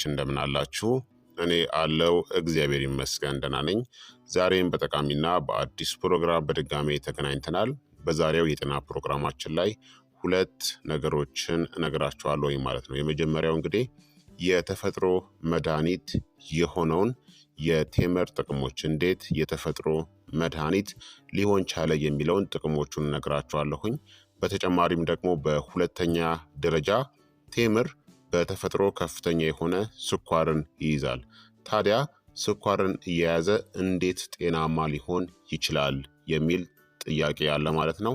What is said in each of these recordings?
ተከታታዮች እንደምን አላችሁ? እኔ አለው እግዚአብሔር ይመስገን ደህና ነኝ። ዛሬም በጠቃሚና በአዲስ ፕሮግራም በድጋሜ ተገናኝተናል። በዛሬው የጤና ፕሮግራማችን ላይ ሁለት ነገሮችን እነግራችኋለሁ ማለት ነው። የመጀመሪያው እንግዲህ የተፈጥሮ መድኃኒት የሆነውን የቴምር ጥቅሞች እንዴት የተፈጥሮ መድኃኒት ሊሆን ቻለ የሚለውን ጥቅሞቹን እነግራችኋለሁኝ። በተጨማሪም ደግሞ በሁለተኛ ደረጃ ቴምር በተፈጥሮ ከፍተኛ የሆነ ስኳርን ይይዛል። ታዲያ ስኳርን እየያዘ እንዴት ጤናማ ሊሆን ይችላል የሚል ጥያቄ ያለ ማለት ነው።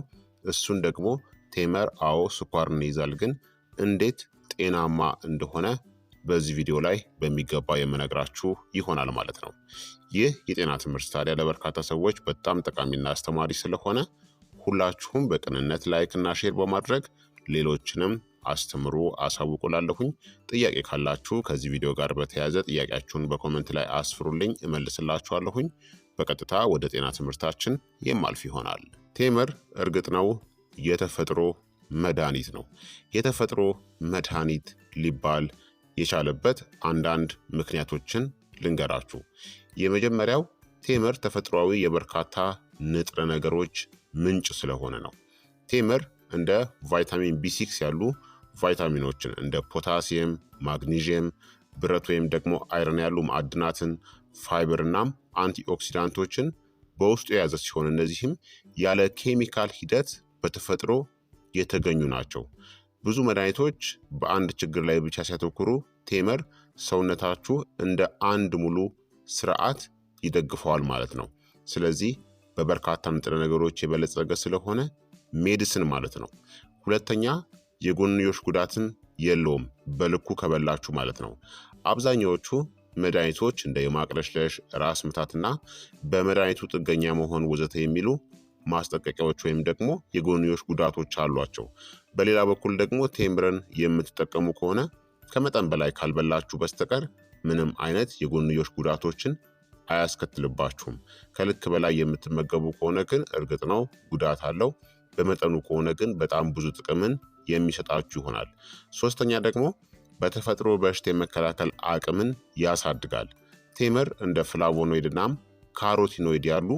እሱን ደግሞ ቴመር አዎ ስኳርን ይይዛል፣ ግን እንዴት ጤናማ እንደሆነ በዚህ ቪዲዮ ላይ በሚገባ የምነግራችሁ ይሆናል ማለት ነው። ይህ የጤና ትምህርት ታዲያ ለበርካታ ሰዎች በጣም ጠቃሚና አስተማሪ ስለሆነ ሁላችሁም በቅንነት ላይክና ሼር በማድረግ ሌሎችንም አስተምሮ አሳውቁላለሁኝ። ጥያቄ ካላችሁ ከዚህ ቪዲዮ ጋር በተያያዘ ጥያቄያችሁን በኮመንት ላይ አስፍሩልኝ፣ እመልስላችኋለሁኝ። በቀጥታ ወደ ጤና ትምህርታችን የማልፍ ይሆናል። ቴምር እርግጥ ነው የተፈጥሮ መድኃኒት ነው። የተፈጥሮ መድኃኒት ሊባል የቻለበት አንዳንድ ምክንያቶችን ልንገራችሁ። የመጀመሪያው ቴምር ተፈጥሯዊ የበርካታ ንጥረ ነገሮች ምንጭ ስለሆነ ነው። ቴምር እንደ ቫይታሚን ቢ6 ያሉ ቫይታሚኖችን እንደ ፖታሲየም፣ ማግኒዥየም፣ ብረት ወይም ደግሞ አይረን ያሉ ማዕድናትን፣ ፋይበር እናም አንቲኦክሲዳንቶችን በውስጡ የያዘ ሲሆን እነዚህም ያለ ኬሚካል ሂደት በተፈጥሮ የተገኙ ናቸው። ብዙ መድኃኒቶች በአንድ ችግር ላይ ብቻ ሲያተኩሩ፣ ቴመር ሰውነታችሁ እንደ አንድ ሙሉ ስርዓት ይደግፈዋል ማለት ነው። ስለዚህ በበርካታ ንጥረ ነገሮች የበለጸገ ስለሆነ ሜዲስን ማለት ነው። ሁለተኛ የጎንዮሽ ጉዳትን የለውም በልኩ ከበላችሁ ማለት ነው። አብዛኛዎቹ መድኃኒቶች እንደ የማቅለሽለሽ፣ ራስ ምታትና በመድኃኒቱ ጥገኛ መሆን ወዘተ የሚሉ ማስጠንቀቂያዎች ወይም ደግሞ የጎንዮሽ ጉዳቶች አሏቸው። በሌላ በኩል ደግሞ ቴምርን የምትጠቀሙ ከሆነ ከመጠን በላይ ካልበላችሁ በስተቀር ምንም አይነት የጎንዮሽ ጉዳቶችን አያስከትልባችሁም። ከልክ በላይ የምትመገቡ ከሆነ ግን እርግጥ ነው ጉዳት አለው። በመጠኑ ከሆነ ግን በጣም ብዙ ጥቅምን የሚሰጣችሁ ይሆናል። ሶስተኛ ደግሞ በተፈጥሮ በሽታ የመከላከል አቅምን ያሳድጋል። ቴምር እንደ ፍላቮኖይድናም ካሮቲኖይድ ያሉ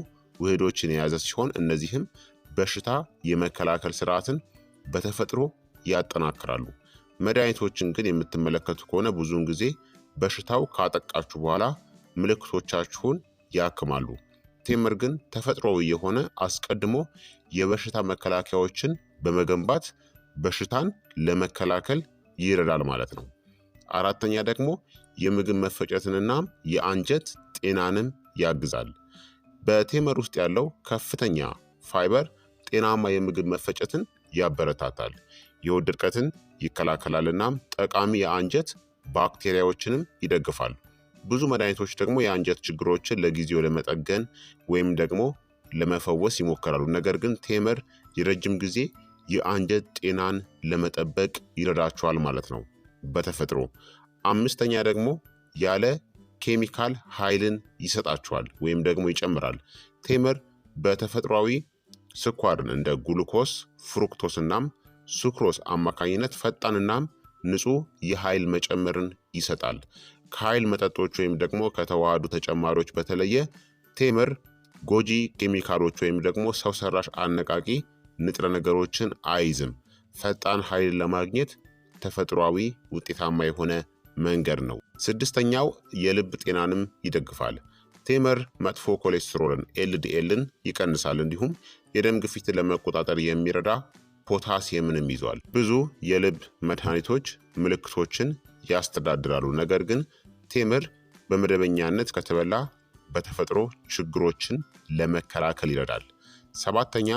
ውህዶችን የያዘ ሲሆን እነዚህም በሽታ የመከላከል ስርዓትን በተፈጥሮ ያጠናክራሉ። መድኃኒቶችን ግን የምትመለከቱ ከሆነ ብዙውን ጊዜ በሽታው ካጠቃችሁ በኋላ ምልክቶቻችሁን ያክማሉ። ቴምር ግን ተፈጥሯዊ የሆነ አስቀድሞ የበሽታ መከላከያዎችን በመገንባት በሽታን ለመከላከል ይረዳል ማለት ነው። አራተኛ ደግሞ የምግብ መፈጨትንና የአንጀት ጤናንም ያግዛል። በቴምር ውስጥ ያለው ከፍተኛ ፋይበር ጤናማ የምግብ መፈጨትን ያበረታታል፣ የሆድ ድርቀትን ይከላከላል ጠቃሚ የአንጀት ባክቴሪያዎችንም ይደግፋል። ብዙ መድኃኒቶች ደግሞ የአንጀት ችግሮችን ለጊዜው ለመጠገን ወይም ደግሞ ለመፈወስ ይሞከራሉ። ነገር ግን ቴምር የረጅም ጊዜ የአንጀት ጤናን ለመጠበቅ ይረዳችኋል ማለት ነው በተፈጥሮ። አምስተኛ ደግሞ ያለ ኬሚካል ኃይልን ይሰጣችኋል ወይም ደግሞ ይጨምራል። ቴምር በተፈጥሯዊ ስኳርን እንደ ግሉኮስ፣ ፍሩክቶስ እናም ሱክሮስ አማካኝነት ፈጣንና ንጹህ የኃይል መጨመርን ይሰጣል። ከኃይል መጠጦች ወይም ደግሞ ከተዋሃዱ ተጨማሪዎች በተለየ ቴምር ጎጂ ኬሚካሎች ወይም ደግሞ ሰው ሰራሽ አነቃቂ ንጥረ ነገሮችን አይዝም። ፈጣን ኃይልን ለማግኘት ተፈጥሯዊ ውጤታማ የሆነ መንገድ ነው። ስድስተኛው የልብ ጤናንም ይደግፋል። ቴምር መጥፎ ኮሌስትሮልን ኤልዲኤልን ይቀንሳል። እንዲሁም የደም ግፊትን ለመቆጣጠር የሚረዳ ፖታሲየምንም ይዟል። ብዙ የልብ መድኃኒቶች ምልክቶችን ያስተዳድራሉ፣ ነገር ግን ቴምር በመደበኛነት ከተበላ በተፈጥሮ ችግሮችን ለመከላከል ይረዳል። ሰባተኛ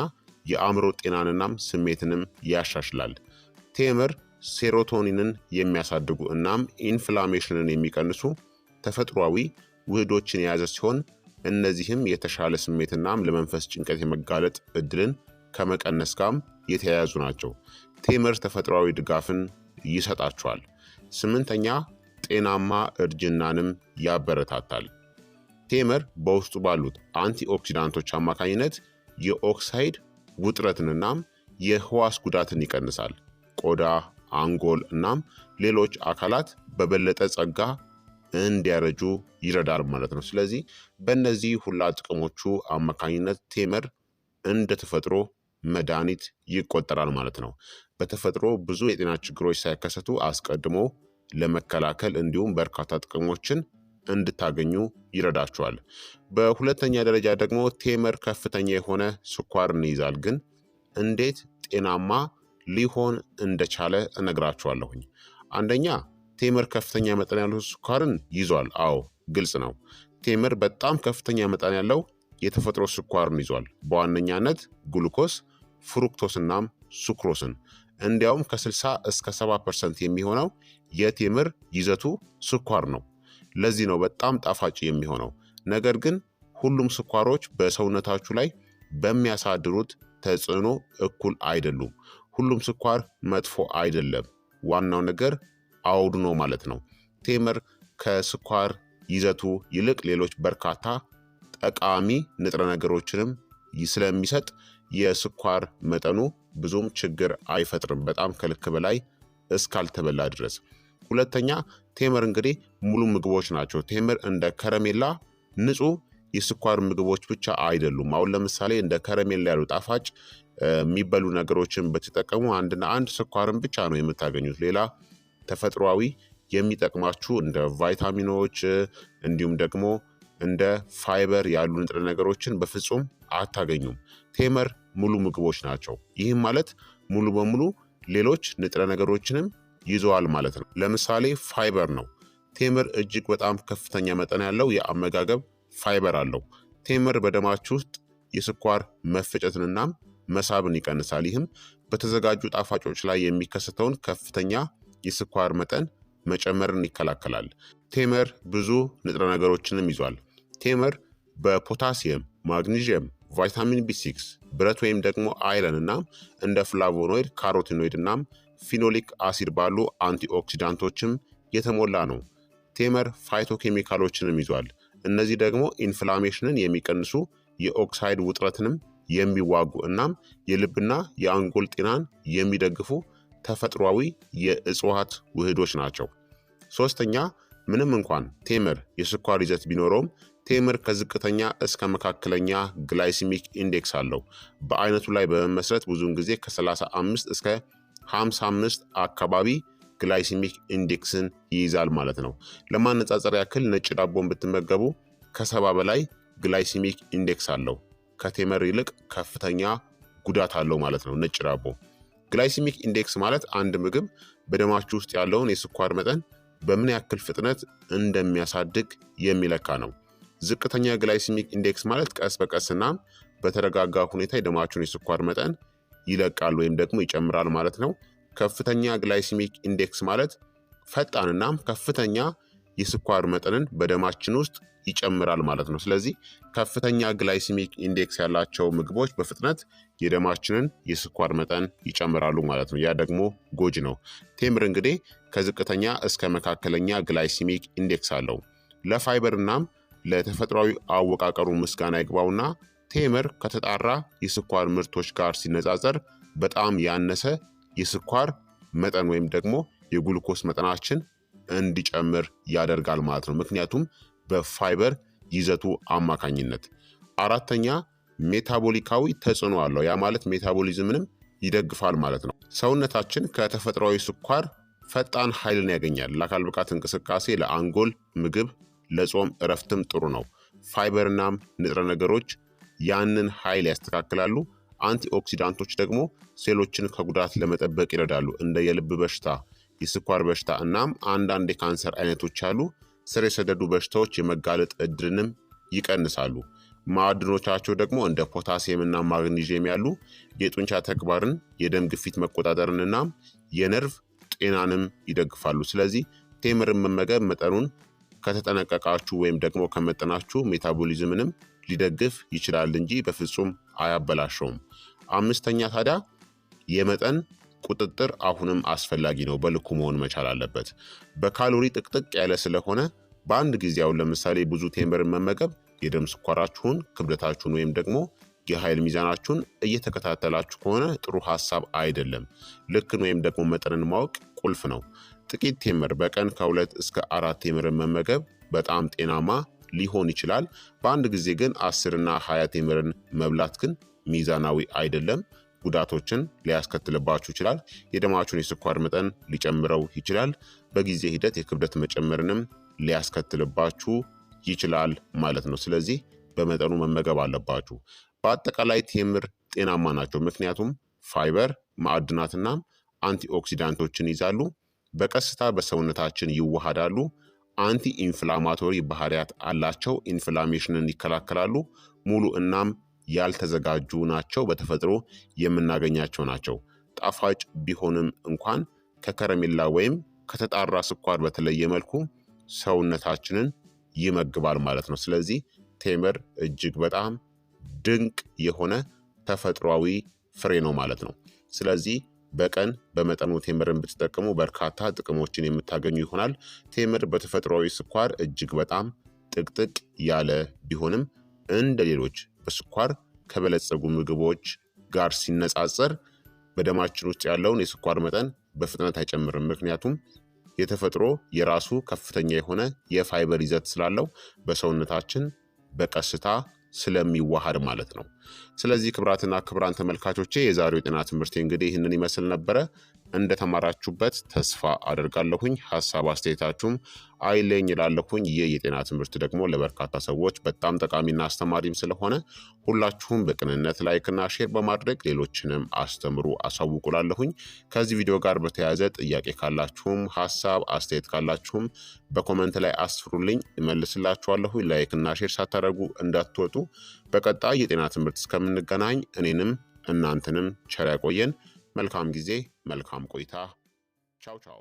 የአእምሮ ጤናንናም ስሜትንም ያሻሽላል። ቴምር ሴሮቶኒንን የሚያሳድጉ እናም ኢንፍላሜሽንን የሚቀንሱ ተፈጥሯዊ ውህዶችን የያዘ ሲሆን እነዚህም የተሻለ ስሜትናም ለመንፈስ ጭንቀት የመጋለጥ እድልን ከመቀነስ ጋርም የተያያዙ ናቸው። ቴምር ተፈጥሯዊ ድጋፍን ይሰጣቸዋል። ስምንተኛ ጤናማ እርጅናንም ያበረታታል። ቴምር በውስጡ ባሉት አንቲ ኦክሲዳንቶች አማካኝነት የኦክሳይድ ውጥረትንናም የህዋስ ጉዳትን ይቀንሳል። ቆዳ፣ አንጎል እናም ሌሎች አካላት በበለጠ ጸጋ እንዲያረጁ ይረዳል ማለት ነው። ስለዚህ በእነዚህ ሁላ ጥቅሞቹ አማካኝነት ቴምር እንደ ተፈጥሮ መድኃኒት ይቆጠራል ማለት ነው። በተፈጥሮ ብዙ የጤና ችግሮች ሳይከሰቱ አስቀድሞ ለመከላከል እንዲሁም በርካታ ጥቅሞችን እንድታገኙ ይረዳችኋል። በሁለተኛ ደረጃ ደግሞ ቴምር ከፍተኛ የሆነ ስኳርን ይይዛል። ግን እንዴት ጤናማ ሊሆን እንደቻለ እነግራችኋለሁኝ። አንደኛ ቴምር ከፍተኛ መጠን ያለው ስኳርን ይዟል። አዎ ግልጽ ነው። ቴምር በጣም ከፍተኛ መጠን ያለው የተፈጥሮ ስኳርን ይዟል። በዋነኛነት ግሉኮስ፣ ፍሩክቶስናም ሱክሮስን እንዲያውም ከ60 እስከ 70 ፐርሰንት የሚሆነው የቴምር ይዘቱ ስኳር ነው። ለዚህ ነው በጣም ጣፋጭ የሚሆነው። ነገር ግን ሁሉም ስኳሮች በሰውነታችሁ ላይ በሚያሳድሩት ተጽዕኖ እኩል አይደሉም። ሁሉም ስኳር መጥፎ አይደለም። ዋናው ነገር አውዱ ነው ማለት ነው። ቴምር ከስኳር ይዘቱ ይልቅ ሌሎች በርካታ ጠቃሚ ንጥረ ነገሮችንም ስለሚሰጥ የስኳር መጠኑ ብዙም ችግር አይፈጥርም፣ በጣም ከልክ በላይ እስካልተበላ ድረስ። ሁለተኛ ቴምር እንግዲህ ሙሉ ምግቦች ናቸው። ቴምር እንደ ከረሜላ ንጹህ የስኳር ምግቦች ብቻ አይደሉም። አሁን ለምሳሌ እንደ ከረሜላ ያሉ ጣፋጭ የሚበሉ ነገሮችን ብትጠቀሙ አንድና አንድ ስኳርን ብቻ ነው የምታገኙት። ሌላ ተፈጥሯዊ የሚጠቅማችሁ እንደ ቫይታሚኖች እንዲሁም ደግሞ እንደ ፋይበር ያሉ ንጥረ ነገሮችን በፍጹም አታገኙም። ቴምር ሙሉ ምግቦች ናቸው። ይህም ማለት ሙሉ በሙሉ ሌሎች ንጥረ ነገሮችንም ይዘዋል ማለት ነው። ለምሳሌ ፋይበር ነው ቴምር እጅግ በጣም ከፍተኛ መጠን ያለው የአመጋገብ ፋይበር አለው። ቴምር በደማችሁ ውስጥ የስኳር መፈጨትንና መሳብን ይቀንሳል። ይህም በተዘጋጁ ጣፋጮች ላይ የሚከሰተውን ከፍተኛ የስኳር መጠን መጨመርን ይከላከላል። ቴምር ብዙ ንጥረ ነገሮችንም ይዟል። ቴምር በፖታሲየም፣ ማግኒዥየም፣ ቫይታሚን ቢ6፣ ብረት ወይም ደግሞ አይረን እና እንደ ፍላቮኖይድ፣ ካሮቲኖይድ እናም ፊኖሊክ አሲድ ባሉ አንቲኦክሲዳንቶችም የተሞላ ነው። ስቴመር ፋይቶ ይዟል። እነዚህ ደግሞ ኢንፍላሜሽንን የሚቀንሱ የኦክሳይድ ውጥረትንም የሚዋጉ እናም የልብና የአንጎል ጤናን የሚደግፉ ተፈጥሯዊ የእጽዋት ውህዶች ናቸው። ሶስተኛ ምንም እንኳን ቴምር የስኳር ይዘት ቢኖረውም ቴምር ከዝቅተኛ እስከ መካከለኛ ግላይሲሚክ ኢንዴክስ አለው። በአይነቱ ላይ በመመስረት ብዙውን ጊዜ ከ35 እስከ 55 አካባቢ ግላይሲሚክ ኢንዴክስን ይይዛል ማለት ነው። ለማነጻጸር ያክል ነጭ ዳቦን ብትመገቡ ከሰባ በላይ ግላይሲሚክ ኢንዴክስ አለው። ከቴምር ይልቅ ከፍተኛ ጉዳት አለው ማለት ነው ነጭ ዳቦ። ግላይሲሚክ ኢንዴክስ ማለት አንድ ምግብ በደማችሁ ውስጥ ያለውን የስኳር መጠን በምን ያክል ፍጥነት እንደሚያሳድግ የሚለካ ነው። ዝቅተኛ ግላይሲሚክ ኢንዴክስ ማለት ቀስ በቀስና በተረጋጋ ሁኔታ የደማችሁን የስኳር መጠን ይለቃል ወይም ደግሞ ይጨምራል ማለት ነው። ከፍተኛ ግላይሲሚክ ኢንዴክስ ማለት ፈጣንና ከፍተኛ የስኳር መጠንን በደማችን ውስጥ ይጨምራል ማለት ነው። ስለዚህ ከፍተኛ ግላይሲሚክ ኢንዴክስ ያላቸው ምግቦች በፍጥነት የደማችንን የስኳር መጠን ይጨምራሉ ማለት ነው። ያ ደግሞ ጎጂ ነው። ቴምር እንግዲህ ከዝቅተኛ እስከ መካከለኛ ግላይሲሚክ ኢንዴክስ አለው። ለፋይበር እናም ለተፈጥሯዊ አወቃቀሩ ምስጋና ይግባውና ቴምር ከተጣራ የስኳር ምርቶች ጋር ሲነጻጸር በጣም ያነሰ የስኳር መጠን ወይም ደግሞ የጉልኮስ መጠናችን እንዲጨምር ያደርጋል ማለት ነው። ምክንያቱም በፋይበር ይዘቱ አማካኝነት። አራተኛ ሜታቦሊካዊ ተጽዕኖ አለው። ያ ማለት ሜታቦሊዝምንም ይደግፋል ማለት ነው። ሰውነታችን ከተፈጥሯዊ ስኳር ፈጣን ኃይልን ያገኛል። ለአካል ብቃት እንቅስቃሴ፣ ለአንጎል ምግብ፣ ለጾም እረፍትም ጥሩ ነው። ፋይበርናም ንጥረ ነገሮች ያንን ኃይል ያስተካክላሉ። አንቲኦክሲዳንቶች ደግሞ ሴሎችን ከጉዳት ለመጠበቅ ይረዳሉ። እንደ የልብ በሽታ፣ የስኳር በሽታ እናም አንዳንድ የካንሰር አይነቶች ያሉ ስር የሰደዱ በሽታዎች የመጋለጥ እድልንም ይቀንሳሉ። ማዕድኖቻቸው ደግሞ እንደ ፖታሲየም እና ማግኒዥየም ያሉ የጡንቻ ተግባርን፣ የደም ግፊት መቆጣጠርን እናም የነርቭ ጤናንም ይደግፋሉ። ስለዚህ ቴምርን መመገብ መጠኑን ከተጠነቀቃችሁ ወይም ደግሞ ከመጠናችሁ ሜታቦሊዝምንም ሊደግፍ ይችላል እንጂ በፍጹም አያበላሸውም። አምስተኛ ታዲያ የመጠን ቁጥጥር አሁንም አስፈላጊ ነው። በልኩ መሆን መቻል አለበት። በካሎሪ ጥቅጥቅ ያለ ስለሆነ በአንድ ጊዜ አሁን ለምሳሌ ብዙ ቴምርን መመገብ የደም ስኳራችሁን፣ ክብደታችሁን ወይም ደግሞ የኃይል ሚዛናችሁን እየተከታተላችሁ ከሆነ ጥሩ ሀሳብ አይደለም። ልክን ወይም ደግሞ መጠንን ማወቅ ቁልፍ ነው። ጥቂት ቴምር በቀን ከሁለት እስከ አራት ቴምርን መመገብ በጣም ጤናማ ሊሆን ይችላል። በአንድ ጊዜ ግን አስርና ሀያ ቴምርን መብላት ግን ሚዛናዊ አይደለም። ጉዳቶችን ሊያስከትልባችሁ ይችላል። የደማችሁን የስኳር መጠን ሊጨምረው ይችላል። በጊዜ ሂደት የክብደት መጨመርንም ሊያስከትልባችሁ ይችላል ማለት ነው። ስለዚህ በመጠኑ መመገብ አለባችሁ። በአጠቃላይ ቴምር ጤናማ ናቸው፣ ምክንያቱም ፋይበር፣ ማዕድናትና አንቲኦክሲዳንቶችን ይዛሉ። በቀስታ በሰውነታችን ይዋሃዳሉ። አንቲ ኢንፍላማቶሪ ባህሪያት አላቸው። ኢንፍላሜሽንን ይከላከላሉ። ሙሉ እናም ያልተዘጋጁ ናቸው፣ በተፈጥሮ የምናገኛቸው ናቸው። ጣፋጭ ቢሆንም እንኳን ከከረሜላ ወይም ከተጣራ ስኳር በተለየ መልኩ ሰውነታችንን ይመግባል ማለት ነው። ስለዚህ ቴምር እጅግ በጣም ድንቅ የሆነ ተፈጥሯዊ ፍሬ ነው ማለት ነው። ስለዚህ በቀን በመጠኑ ቴምርን ብትጠቀሙ በርካታ ጥቅሞችን የምታገኙ ይሆናል። ቴምር በተፈጥሯዊ ስኳር እጅግ በጣም ጥቅጥቅ ያለ ቢሆንም እንደ ሌሎች በስኳር ከበለጸጉ ምግቦች ጋር ሲነጻጸር በደማችን ውስጥ ያለውን የስኳር መጠን በፍጥነት አይጨምርም። ምክንያቱም የተፈጥሮ የራሱ ከፍተኛ የሆነ የፋይበር ይዘት ስላለው በሰውነታችን በቀስታ ስለሚዋሃድ ማለት ነው። ስለዚህ ክብራትና ክብራን ተመልካቾቼ የዛሬው የጤና ትምህርቴ እንግዲህ ይህንን ይመስል ነበረ። እንደተማራችሁበት ተስፋ አደርጋለሁኝ። ሀሳብ አስተያየታችሁም አይለኝ ይላለሁኝ። ይህ የጤና ትምህርት ደግሞ ለበርካታ ሰዎች በጣም ጠቃሚና አስተማሪም ስለሆነ ሁላችሁም በቅንነት ላይክና ሼር በማድረግ ሌሎችንም አስተምሩ አሳውቁላለሁኝ። ከዚህ ቪዲዮ ጋር በተያያዘ ጥያቄ ካላችሁም ሀሳብ አስተያየት ካላችሁም በኮመንት ላይ አስፍሩልኝ፣ እመልስላችኋለሁ። ላይክና ሼር ሳታደርጉ እንዳትወጡ። በቀጣይ የጤና ትምህርት እስከምንገናኝ እኔንም እናንተንም ቸር ያቆየን። መልካም ጊዜ፣ መልካም ቆይታ። ቻው ቻው።